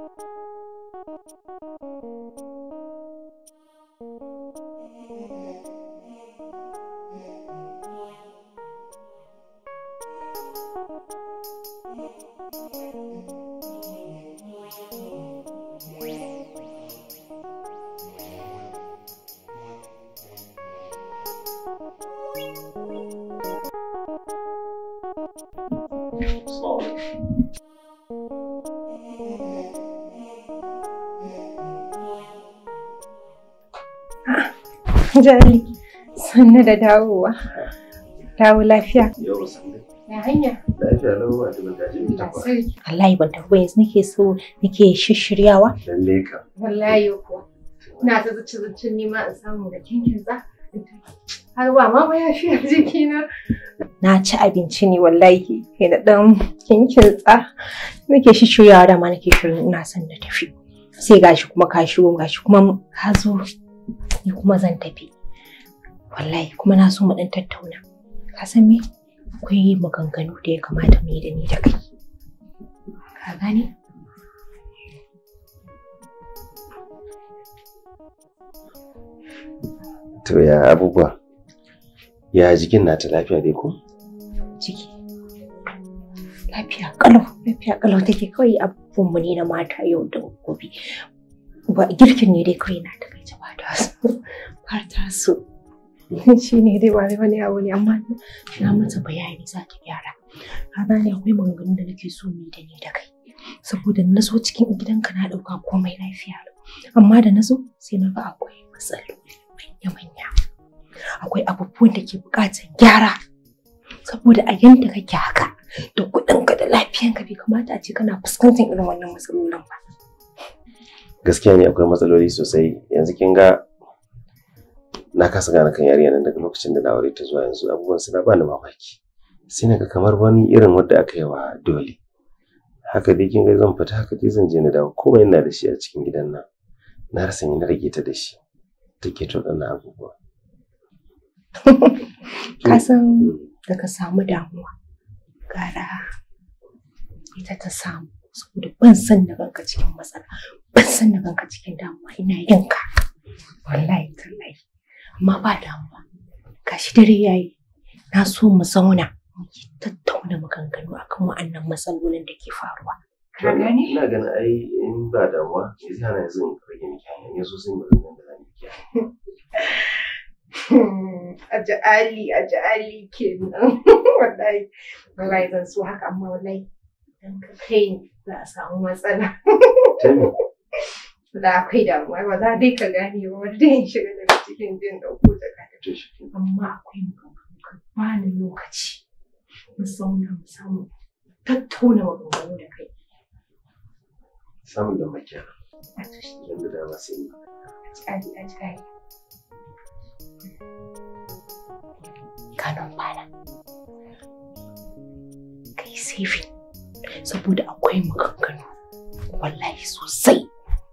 Thank you. Jali, sannu da dawowa. Dawo lafiya. Yau Ya hanya. Lafiya lau ba ta bata ji ta Wallahi ban yanzu nake so nake shishiryawa. Lalle ka. Wallahi kuwa. Ina ta zuci zuci ni ma in samu da kinkin za. Har ba ma ba ya shirya jikina. Na ci abinci ne wallahi ke na ɗan kinkin tsa. Nake shishiryawa da ma nake shirin ina son na tafi. Sai gashi kuma ka shigo gashi kuma ka zo ni kuma zan tafi wallahi kuma na so mu dan tattauna ka san me akwai maganganu da ya kamata mu yi da ni da kai ka gane to ya abubuwa ya jikin na ta lafiya dai ko ciki lafiya kalau lafiya kalau take kawai abubuwan mu ne na mata yau da gobe ba girkin ne dai kawai na takaice ba ta su ba su shi ne dai ba wani abu ne amma na mata bayani za ta gyara rana ne akwai maganganun da nake so ni da ni da kai saboda na so cikin gidanka na ɗauka komai lafiya amma da na so sai na ga akwai matsaloli manya-manya akwai abubuwan da ke buƙatar gyara saboda a yanda kake haka da kuɗinka da lafiyanka bai kamata a ce kana fuskantar irin wannan matsalolin ba gaskiya ne akwai matsaloli sosai yanzu kin ga na kasa gane kan yarinya nan daga lokacin da na aure ta zuwa yanzu abubuwan na bani mamaki sai naga kamar wani irin wanda aka yi wa dole haka dai kin ga zan fita haka dai zan je na dawo komai ina da shi a cikin gidan nan na rasa ni na rage ta da shi take to dana abubuwa ka san mm. da samu damuwa gara ita ta samu saboda ban san da cikin matsala ban san da kanka cikin damuwa ina yin ka wallahi tallahi amma ba damuwa gashi dare yayi na so mu zauna mu tattauna maganganu akan wa'annan matsalolin da ke faruwa ka gane ina ganin ai in ba damuwa yanzu ana yanzu in rage miki hanya yanzu sai mu zama da zamu ki aji ali aji ali kenan wallahi wallahi zan so haka amma wallahi dan ka kai za a samu matsala da akwai damuwa ba za dai ka gane ba wanda shiga daga cikin jin dauko da ka amma akwai maganganu ba ni lokaci mu sauna mu samu tattauna maganganu da kai samun da makiya yanzu da ba sai ni tsari a kanon bana kai saboda akwai maganganu wallahi sosai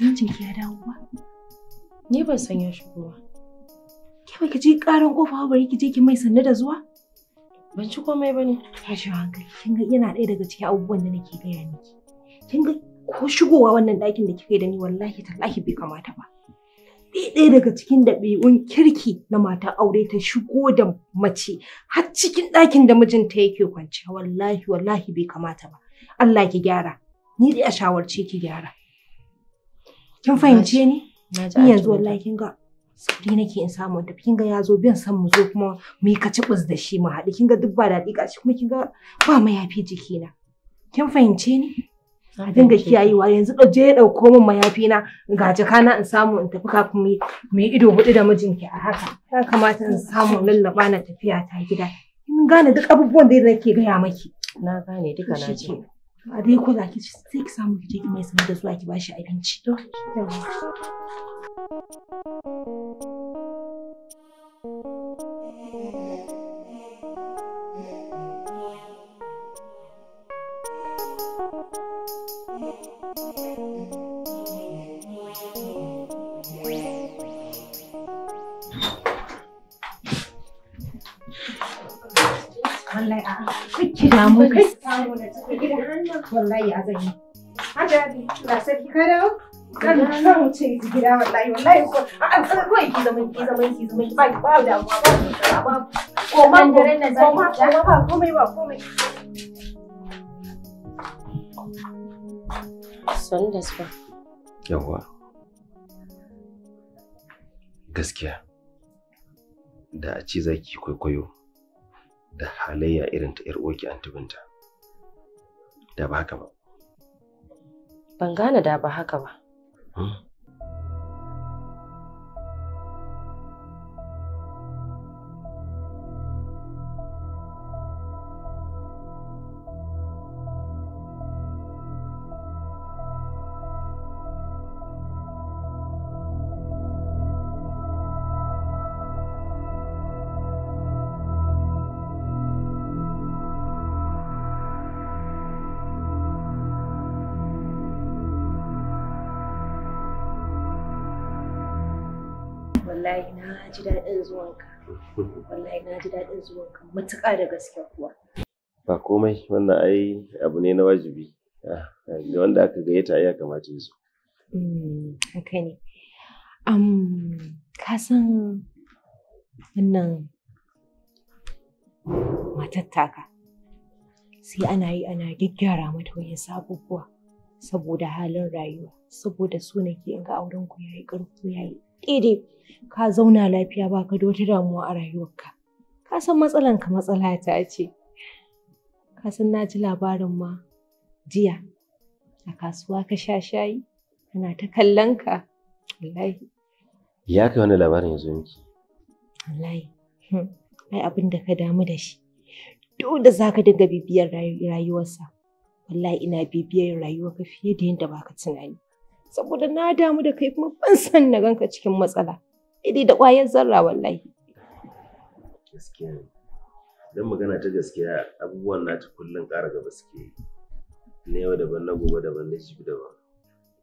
mijinki ya dawo ba? Ni ban san ya shigo ba. Ke ba ki ji karan kofa bari ki je ki mai sanne da zuwa? Ban ci komai bane. Ya shi hankali. Kin ga yana ɗaya daga cikin abubuwan da nake gaya miki. Kin ga ko shigowa wannan ɗakin da kika yi da ni wallahi tallahi bai kamata ba ɗaya daga cikin ɗabi'un kirki na mata aure ta shigo da mace har cikin ɗakin da mijinta yake kwance wallahi wallahi bai kamata ba Allah ki gyara ni dai a shawarce ki gyara kin fahimce ni ni yanzu wallahi kin ga sauri nake in samu tafi kin ga ya zo bin san mu zo kuma mu yi kacibus da shi mu haɗu kin ga duk ba daɗi shi kuma kin ga ba mayafi jikina kin fahimce ni a dinga kiyayewa yanzu je ya ɗauko min mayafi na ga jakana in samu in tafi kafin mu yi ido hudu da mijinki a haka ya kamata in samu lallaba na tafiya ta gida in gane duk abubuwan da nake gaya maki na gane duka na ji a dai ko zaki sai ki samu ki ki mai sanar da zuwa ki bashi abinci to wallahi a kike damu kai gidan wallahi a zanyi hadabi na sarki ka dawo kan nan wuce gida wallahi wallahi ko A'a, kawai ki zaman ki zaman ki zaman ki ba ki ba damuwa ba ki ba ko ma ko ma ba komai ba Son da Yawwa. Gaskiya. Da a ci zaki ki kwaikwayo da halayya irin ta 'yar uwarki binta Da ba haka ba. Ban gane da ba haka ba. Hmm. wallahi na ji daɗin zuwanka wallahi na ji daɗin zuwanka matuƙa da gaske kuwa ba komai wannan ai abu ne na wajibi ah, da wanda aka gayyata ya kamata yanzu. Mm, haka ne ka san wannan matattaka sai ana yi ana gyaggyara mata wani sabuwa saboda halin rayuwa saboda so nake in ga ya yi yayi ya yi. daidai ka zauna lafiya ba ka da wata damuwa a rayuwarka. Ka san matsalanka matsala ta ce. Ka san na ji labarin ma jiya a kasuwa ka sha shayi Kana ta kallon ka. Wallahi. Ya kai wani labarin yanzu miki. Wallahi. Hmm. Ai abin da ka damu da shi. Duk da za ka dinga bibiyar rayuwarsa. Wallahi ina bibiyar ka fiye da yadda ba ka tunani. saboda na damu da kai kuma ban san na ganka cikin matsala idai da ƙwayar zarra wallahi gaskiya don magana ta gaskiya abubuwan na ta kullum ƙara gaba suke na yau daban na gobe daban na jibi daban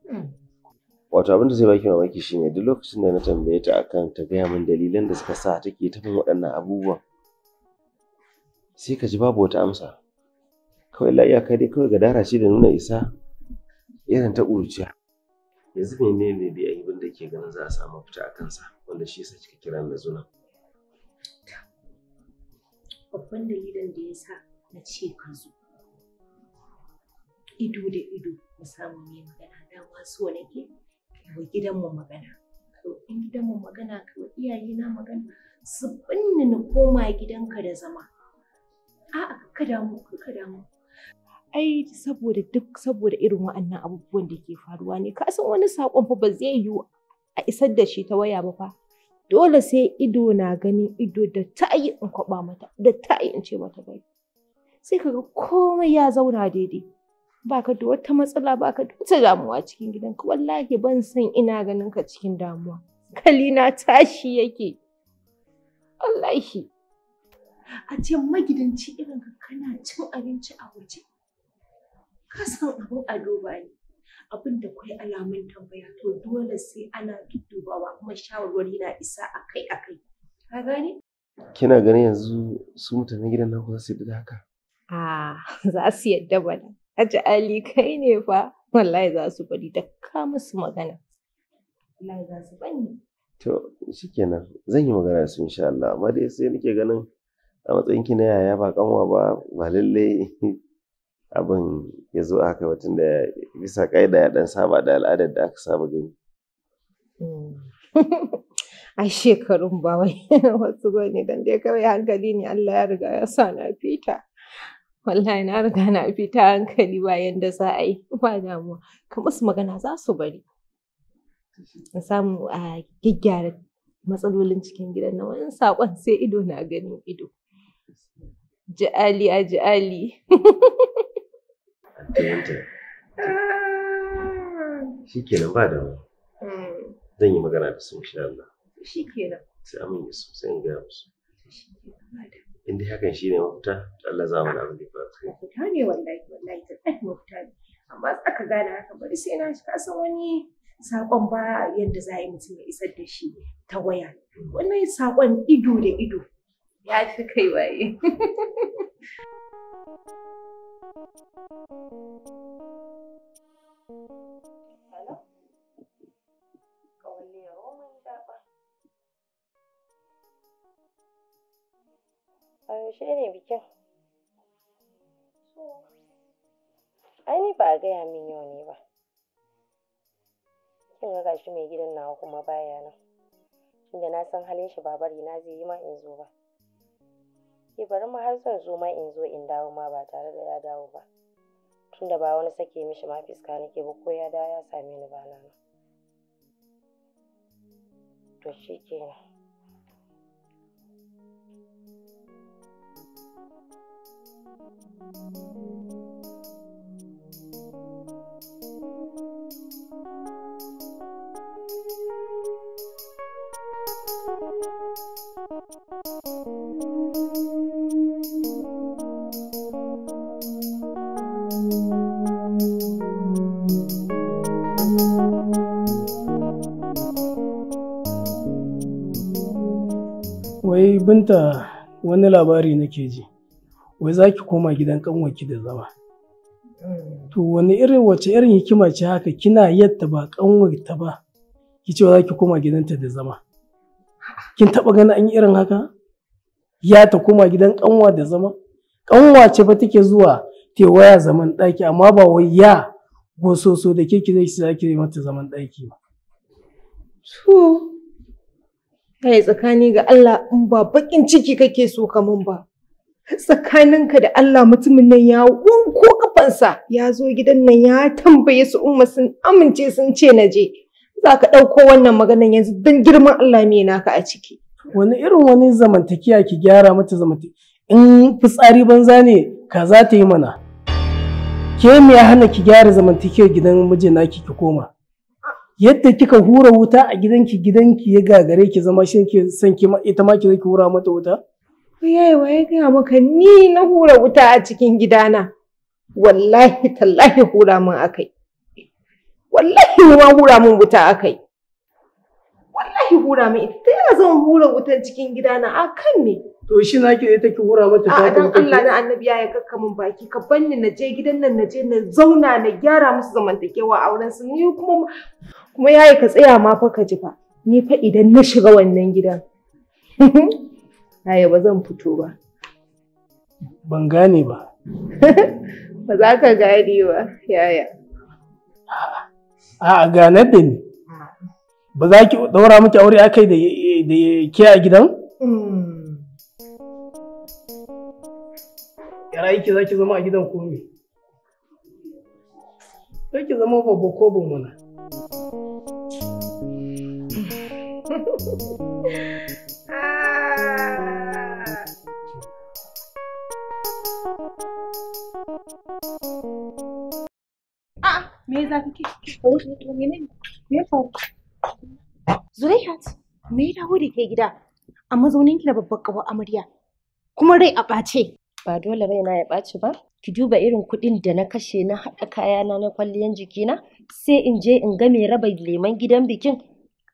hmm. wato abin da zai baki mamaki shine duk lokacin da na tambaye ta akan ta gaya min dalilan da suka sa take ta min waɗannan abubuwan sai ka ji babu wata amsa kawai la'iya kai dai kawai gadara ce da nuna isa irin ta ƙuruciya yanzu ne ne dai ayyukan da ke ganin za a samu fita a kansa wanda shi yasa kika kira na zuna babban dalilin da yasa na ce ka zo ido da ido mu samu ne magana da masu wani ke wa gidanmu magana in gidanmu magana iyaye na magana su binne na koma gidanka da zama a'a kada damu kada damu ai saboda duk saboda irin wa'annan abubuwan da ke faruwa ne ka san wani saƙon fa ba zai yiwu a isar da shi ta waya ba fa dole sai ido na ganin ido da ta yi in kwaba mata da ta yi in ce mata bai sai kaga komai ya zauna daidai Ba ka da wata matsala baka da wata damuwa cikin gidanka wallahi ban san ina ganin ka cikin damuwa na tashi yake wallahi a ce magidanci irin ka kana cin abinci a waje ka san abin a duba ne abin da kai alamun tambaya to dole sai ana dubawa kuma shawarwari na isa akai akai ka gane kina ganin yanzu su mutanen gidan nan za su yadda haka a za su yadda bana Aji Ali kai ne fa wallahi za su bari da ka musu magana wallahi za su bani to shikenan zan yi magana su insha Allah amma dai sai nake ganin a matsayin ki na yaya ba kanwa ba ba lalle abin ya zo haka batun da bisa ƙa'ida ya ɗan saba da al'adar da aka saba gani. Mm. A shekarun ba wai wasu bane dan dai kawai hankali ne Allah ya riga ya sa na fita. Wallahi na riga na fita hankali bayan da za a yi ba damuwa. Ka musu magana za su bari. Na samu a gyaggyara matsalolin cikin gidan nan wani saƙon sai ido na ganin ido. Ji'ali a ji'ali. antiyanta shi kenan ba da zan yi magana da su insha Allah shi kenan sai amin ya so sai in gaya musu in dai hakan shi ne mafita Allah za mu da abin da ba su mafita ne wallahi wallahi ta ɗan mafita ne amma aka gane haka bari sai na ka san wani saƙon ba yadda za a yi mutum ya isar da shi ta waya mm. wannan saƙon ido da ido ya fi kai waye Oh a yaushe ne bikin? Ai ni ba a gaya min yau ne ba. Kin ga shi mai gidan nawa kuma baya nan. Tunda na san halin shi ba na zai yi ma in zo ba. Ke bari ma har zan zo ma in zo in dawo ma ba tare da ya dawo ba. tunda ba wani sake mishi ma fiska nake ba ko ya dawo ya same ni ba nan to shikenan thank you binta wani labari nake ji wai za ki koma gidan kanwarki da zama to wani irin wace irin hikima ce haka kina yadda ba kanwarta ba ki ce za ki koma gidanta da zama kin taba gani an yi irin haka ya ta koma gidan kanwa da zama kanwa ce ba take zuwa tewaya waya zaman ɗaki, amma ba wai ya gososo da ke ki zai ki mata zaman daki ba kai tsakani ga Allah in ba bakin ciki kake so ka min ba tsakaninka da Allah mutumin nan ya wanko kafansa ya zo gidan nan ya tambaye su umma sun amince sun ce na je za ka ɗauko wannan maganan yanzu don girman Allah me naka a ciki wani irin wani zamantakiya ki gyara mata zamantaki in fitsari banza ne ka za ta yi mana ke me ya hana ki gyara zamantakiyar gidan mijina ki ki koma yadda kika hura wuta a gidanki gidanki ya gagare ki zama shi ke son ki ita ma ki zaki hura mata wuta yayi waye gaya maka ni na hura wuta a cikin gidana wallahi tallahi hura min akai wallahi ma hura min wuta akai wallahi hura min ita ta zan hura wuta cikin gidana kan ne. to shi na ki ita ki hura mata ta dan Allah na annabi ya kakka min baki ka banni na je gidan nan na je na zauna na gyara musu zamantakewa aurensu. su ni kuma Kuma yayi ka tsaya ma fa ka ji fa. Ni fa idan na shiga wannan gidan. Yaya ba zan fito ba. Ban gane ba. Ba za ka gane ba, yaya. A'a ganar da ni. Ba za ki daura miki aure akai da ke a gidan? Hmm. yara yake za ki zama a gidan ko me? Za ki zama babba ko mana. Ah! Ah! me za ki Zulaihat, me dawo da ke gida a mazaunin ki da babbar kawo amarya kuma rai a ɓace. Ba dole raina ya ɓace ba, ki duba irin kuɗin da na kashe na haɗa kayana na kwalliyan jikina sai in je in ga mai raba leman gidan bikin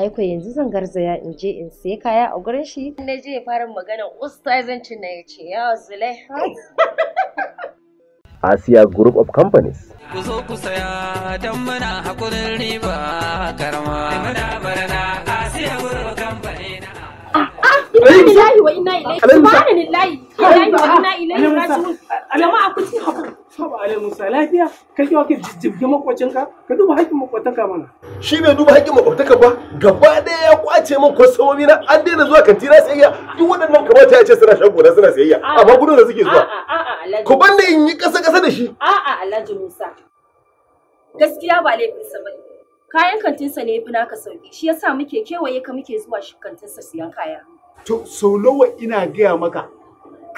aiko yanzu zan garzaya in je in sai kaya a gurin shi na je fara magana ustazancin na ya ce ya zulai Asia Group of Companies. Ku zo ku saya don muna hakurin riba karama. Muna barana Asia Group of Companies. wa inna ilaihi subhanallahi wa inna ilaihi raji'un. Jama'a ku ci hakuri. haba alai musa lafiya kai kiwa ka jijjibge makwacinka ka duba haƙƙin makwataka mana shi bai duba haƙƙin makwataka ba gaba ɗaya ya kwace min kwastomomi na an daina zuwa kantina sayayya duk waɗannan kamata ya ce suna shan gona suna sayayya amma gudun da suke zuwa ku ban da in yi ƙasa ƙasa da shi a'a alhaji musa gaskiya ba laifinsa ba kayan kantinsa ne ya fi naka sauki shi yasa muke kewaye ka muke zuwa kantinsa siyan kaya to sau nawa ina gaya maka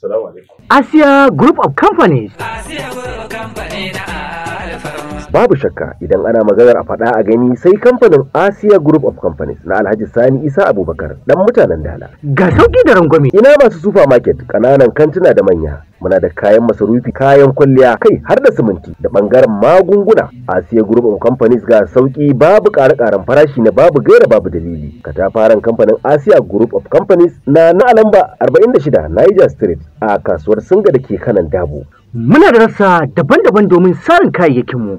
Assalamu alaikum. Asia Group of Companies. Asia Group of Companies. babu shakka idan ana maganar a faɗa a gani sai kamfanin asia group of companies na alhaji sani isa abubakar dan mutanen dala ga sauki da rangwame ina masu market kananan kantuna da manya muna da kayan masarufi kayan kwalliya kai har da siminti da bangaren magunguna asia group of companies ga sauki babu ƙare farashi na babu gaira babu dalili katafaren kamfanin asia group of companies na na alamba 46 niger street a kasuwar singa da ke kanan dabo muna da rasa daban-daban domin sarin kayayyakinmu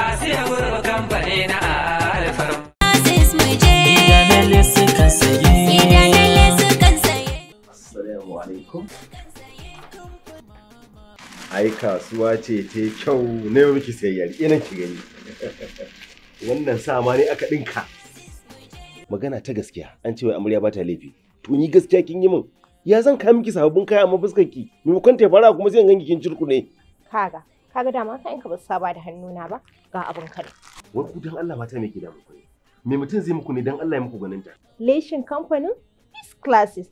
Rabi'u Ai kasuwa ce ta kyau ne yau miki sayayyar ina ki gani. Wannan sama ne aka ɗinka. Magana ta gaskiya an ce wai amarya ba ta laifi. To ni gaskiya kin yi min. Ya zan kai miki sababbin kaya amma fuskar ki. Maimakon kwanta fara kuma sai in ganki kin ne. Kaga kaga dama ka ka ba su saba da hannuna ba ga abin kan wai ku dan Allah mata ne ke da muku ne me mutum zai muku ne dan Allah ya muku ganin ta leshin kamfanin class classes